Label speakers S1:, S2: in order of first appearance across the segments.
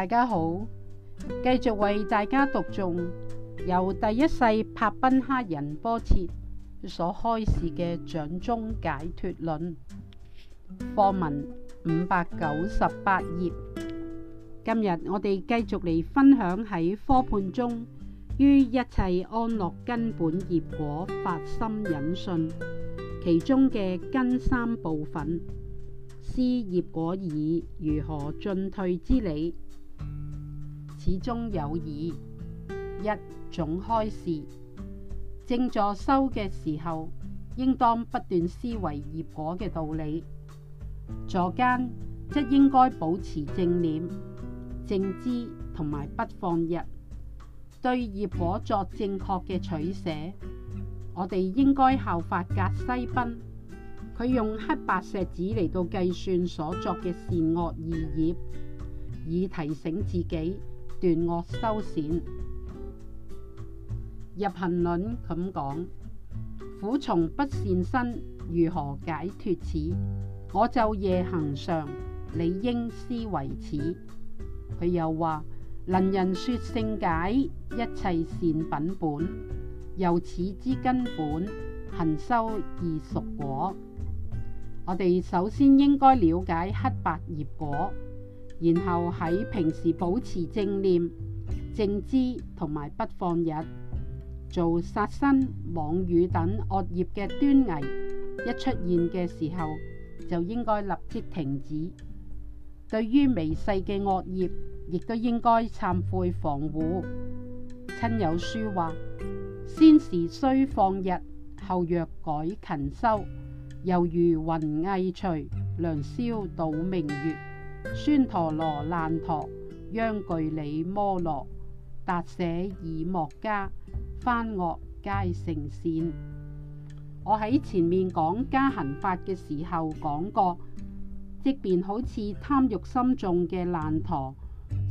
S1: 大家好，繼續為大家讀誦由第一世帕賓喀仁波切所開示嘅《掌中解脱論》課文五百九十八頁。今日我哋繼續嚟分享喺科判中於一切安樂根本業果發心引信其中嘅根三部分思業果以如何進退之理。始終有二一種開示，正坐修嘅時候，應當不斷思維業果嘅道理。坐間即應該保持正念、正知同埋不放逸，對業果作正確嘅取捨。我哋應該效法格西賓，佢用黑白石子嚟到計算所作嘅善惡二業，以提醒自己。斷惡修善，入行論咁講，苦從不善生，如何解脱此？我就夜行上，理應思為此。佢又話，能人說聖解，一切善品本，由此之根本，行修而熟果。我哋首先應該了解黑白業果。然後喺平時保持正念、正知同埋不放逸，做殺生、妄語等惡業嘅端倪一出現嘅時候，就應該立即停止。對於微細嘅惡業，亦都應該懺悔防護。親友書話：先時雖放逸，後若改勤修，猶如雲翳除，良宵睹明月。孫陀羅難陀、央俱里摩羅、達舍爾莫伽、番惡皆成善。我喺前面講加行法嘅時候講過，即便好似貪欲深重嘅難陀，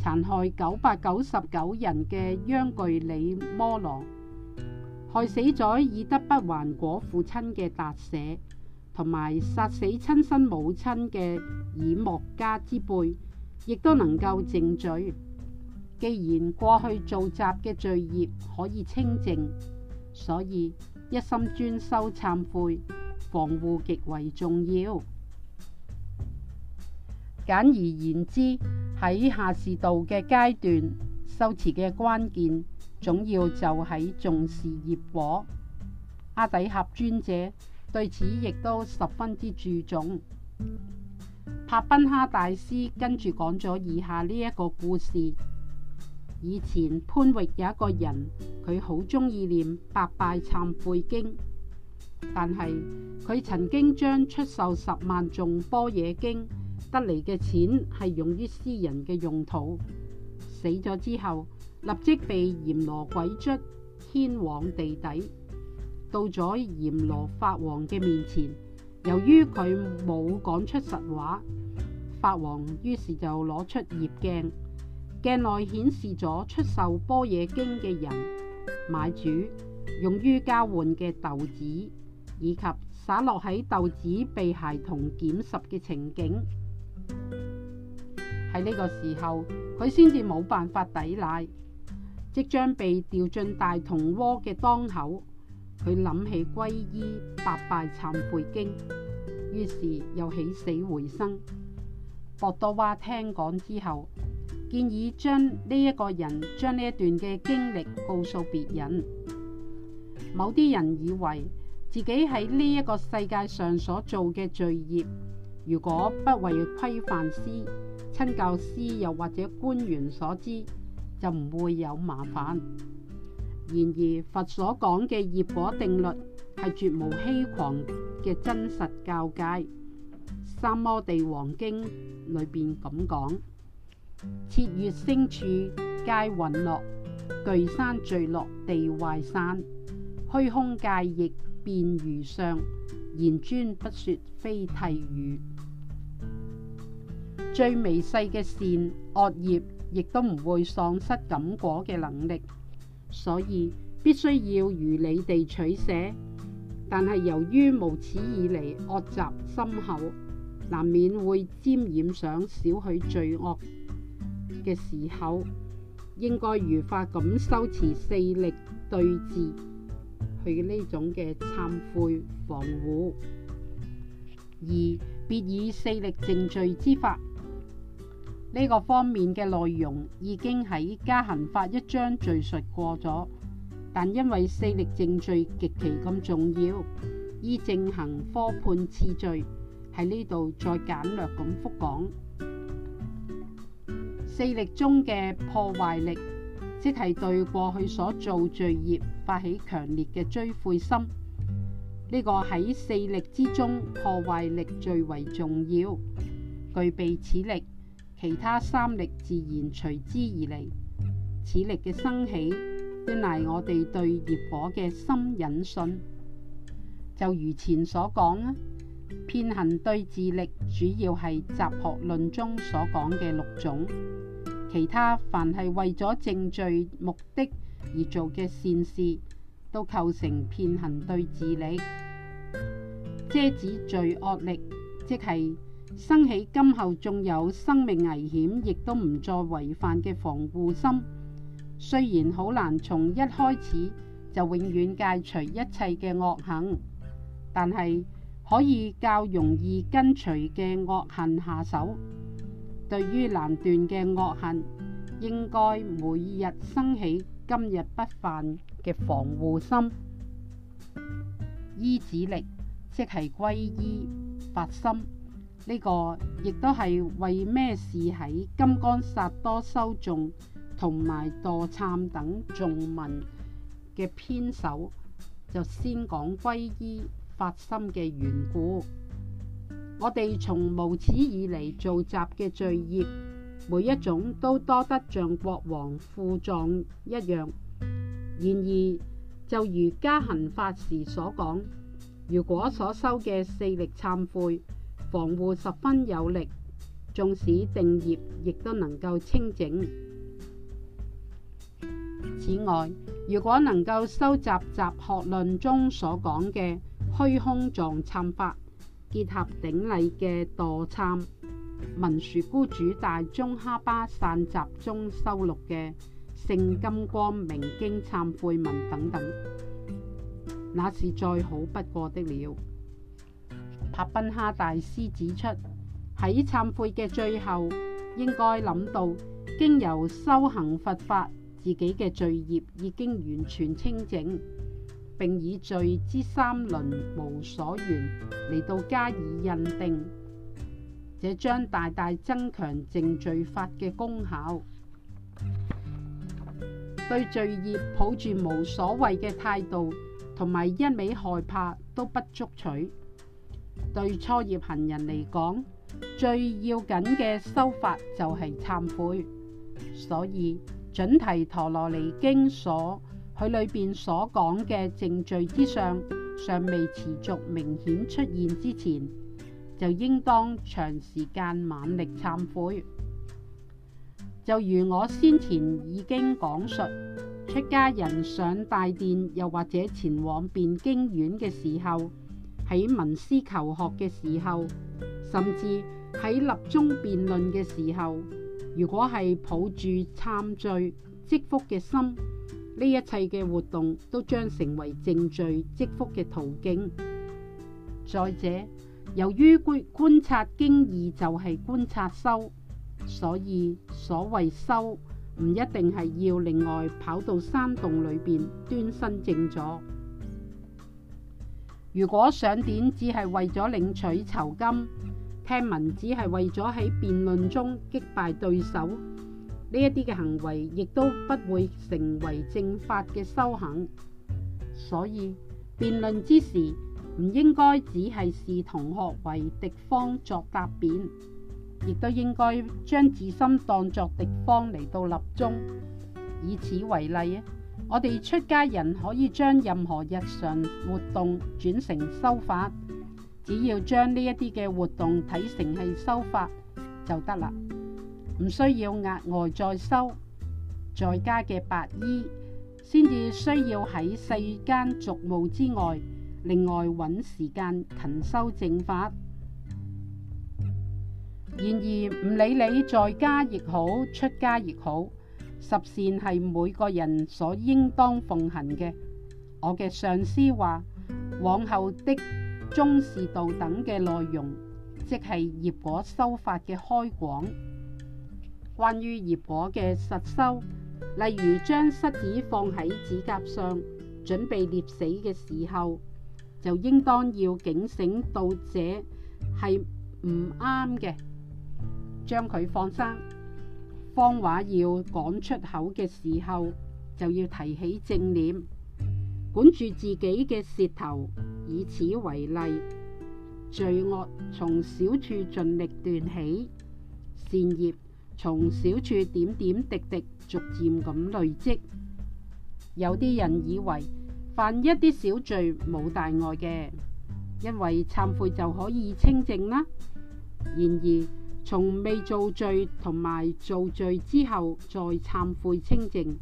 S1: 殘害九百九十九人嘅央俱里摩羅，害死咗已得不還果父親嘅達舍。同埋殺死親生母親嘅以莫家之輩，亦都能夠淨罪。既然過去造雜嘅罪業可以清淨，所以一心專修懺悔防護極為重要。簡而言之，喺下士道嘅階段，修持嘅關鍵總要就喺重視業果。阿底峽尊者。對此亦都十分之注重。帕賓哈大師跟住講咗以下呢一個故事：以前潘域有一個人，佢好中意念《百拜懺悔經》，但係佢曾經將出售十萬頌般若經得嚟嘅錢係用於私人嘅用途，死咗之後立即被閻羅鬼卒牽往地底。到咗閻羅法王嘅面前，由於佢冇講出實話，法王於是就攞出葉鏡，鏡內顯示咗出售般若經嘅人、買主，用於交換嘅豆子，以及灑落喺豆子被孩童撿拾嘅情景。喺呢個時候，佢先至冇辦法抵賴，即將被掉進大銅鍋嘅當口。佢諗起皈依八拜懺悔經，於是又起死回生。博多哇聽講之後，建議將呢一個人將呢一段嘅經歷告訴別人。某啲人以為自己喺呢一個世界上所做嘅罪業，如果不為規範師、親教師又或者官員所知，就唔會有麻煩。然而，佛所講嘅業果定律係絕無欺狂嘅真實教戒，《三摩地王經》裏邊咁講： 切月星處皆隕落，巨山墜落地壞山，虛空界亦變如上，言尊不說非替語，最微細嘅善惡業，亦都唔會喪失感果嘅能力。所以必須要如你哋取捨，但係由於無恥以嚟，惡習深厚，難免會沾染上少許罪惡嘅時候，應該如法咁修持四力對治佢呢種嘅懺悔防護，而別以四力淨罪之法。呢個方面嘅內容已經喺《加行法》一章敘述過咗，但因為四力淨罪極其咁重要，依正行科判次序喺呢度再簡略咁復講。四力中嘅破壞力，即係對過去所造罪業發起強烈嘅追悔心。呢、這個喺四力之中破壞力最為重要，具備此力，其他三力自然隨之而嚟。此力嘅生起，端賴我哋對業果嘅深忍信。就如前所講啊，偏行對治力主要係《集學論》中所講嘅六種，其他凡係為咗淨罪目的而做嘅善事，都構成偏行對治力。遮止罪惡力，即係，生起今後仲有生命危險，亦都唔再違犯嘅防護心。雖然好難從一開始就永遠戒除一切嘅惡行，但係可以較容易跟隨嘅惡行下手。對於難斷嘅惡行，應該每日生起今日不犯嘅防護心。依止力即係歸依發心。呢個亦都係為咩事喺《金剛薩埵修眾》同埋《墮懺等眾文》嘅篇首，就先講皈依發心嘅緣故。我哋從無始以嚟造集嘅罪業，每一種都多得像國王富壯一樣。然而就如加行法時所講，如果所收嘅四力懺悔。防護十分有力，縱使定業亦都能夠清淨。此外，如果能夠收集《集學論》中所講嘅虛空藏懺法，結合頂禮嘅墮懺，文殊怙主大宗喀巴散集中收錄嘅《聖金光明經》懺悔文等等，那是再好不過的了。阿賓哈大師指出，喺懺悔嘅最後，應該諗到經由修行佛法，自己嘅罪業已經完全清淨，並以罪之三輪無所緣嚟到加以認定，這將大大增強淨罪法嘅功效。對罪業抱住無所謂嘅態度，同埋一味害怕都不足取。對初業行人嚟講，最要緊嘅修法就係懺悔，所以《准提陀羅尼經》所面所佢裏邊所講嘅靜罪之上，尚未持續明顯出現之前，就應當長時間猛力懺悔。就如我先前已經講述，出家人上大殿又或者前往辯經院嘅時候。喺文思求學嘅時候，甚至喺立宗辯論嘅時候，如果係抱住懺罪、積福嘅心，呢一切嘅活動都將成為淨罪積福嘅途徑。再者，由於觀觀察經義就係觀察修，所以所謂修唔一定係要另外跑到山洞裏邊端身正坐。如果上點只係為咗領取酬金，聽聞只係為咗喺辯論中擊敗對手，呢一啲嘅行為亦都不會成為正法嘅修行。所以辯論之時，唔應該只係視同學為敵方作答辯，亦都應該將自身當作敵方嚟到立宗。以此為例我哋出家人可以將任何日常活動轉成修法，只要將呢一啲嘅活動睇成係修法就得啦，唔需要額外再修，在家嘅白衣先至需要喺世間俗務之外，另外揾時間勤修正法。然而唔理你在家亦好，出家亦好。十善係每個人所應當奉行嘅。我嘅上師話：往後的中士道等嘅內容，即係業果修法嘅開廣。關於業果嘅實修，例如將蝨子放喺指甲上，準備捏死嘅時候，就應當要警醒到者係唔啱嘅，將佢放生。方話要講出口嘅時候，就要提起正念，管住自己嘅舌頭。以此為例，罪惡從小處盡力斷起，善業從小處點點滴滴，逐漸咁累積。有啲人以為犯一啲小罪冇大礙嘅，因為懺悔就可以清淨啦。然而，從未做罪同埋做罪之後再懺悔清淨，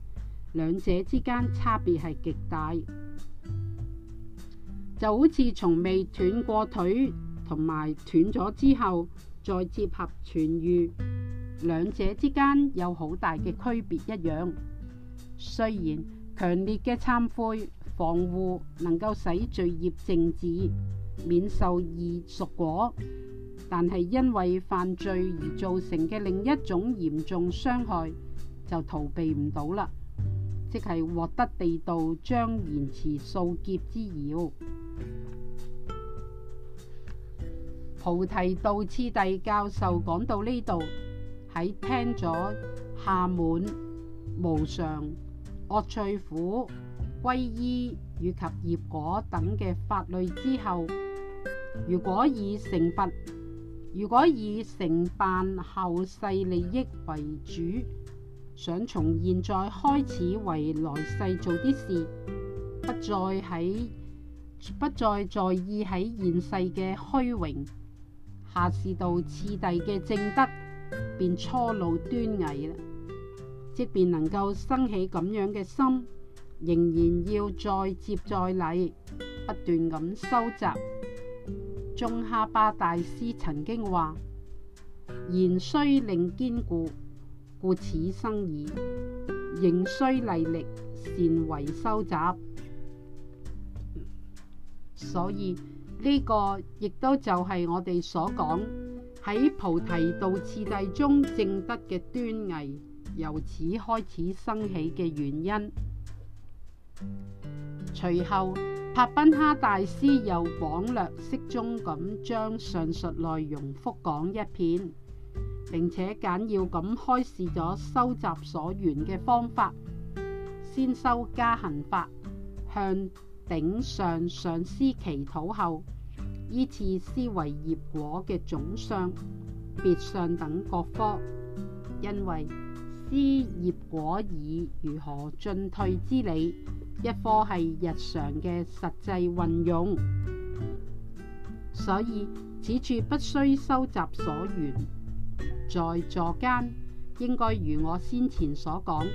S1: 兩者之間差別係極大。就好似從未斷過腿同埋斷咗之後再接合痊愈，兩者之間有好大嘅區別一樣。雖然強烈嘅懺悔防護能夠使罪孽淨治，免受異熟果。但係因為犯罪而造成嘅另一種嚴重傷害，就逃避唔到啦，即係獲得地道將延遲數劫之擾。菩提道次第教授講到呢度，喺聽咗暇滿無常惡趣苦皈依以及業果等嘅法類之後，如果以成佛。如果以承辦後世利益為主，想從現在開始為來世做啲事，不再喺不再在意喺現世嘅虛榮，下士道次第嘅正德，便初露端倪。即便能夠生起咁樣嘅心，仍然要再接再厲，不斷咁收集。中下巴大師曾經話：「言雖令堅固，故此生矣，仍須勵力善為修集。所以呢個亦都就係我哋所講喺菩提道次第中證得嘅端倪，由此開始生起嘅原因。隨後。帕賓哈大師又廣略適中咁將上述內容複講一遍，並且簡要咁開示咗收集所緣嘅方法：先修加行法，向頂上上司祈禱後，依次思維業果嘅總相、別相等各科，因為思維業果以如何進退之理。一科係日常嘅實際運用，所以此處不需收集所緣。在座間應該如我先前所講，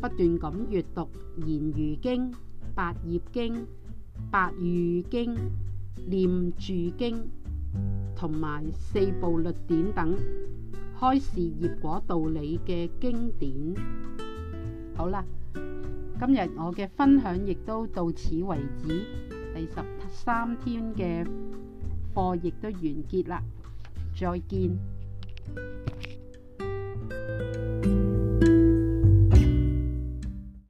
S1: 不斷咁閲讀《賢愚經》、《百業經》、《百喻經》、《念住經》同埋四部律典等開示業果道理嘅經典。好啦。今日我嘅分享亦都到此為止，第十三天嘅課亦都完結啦，再見。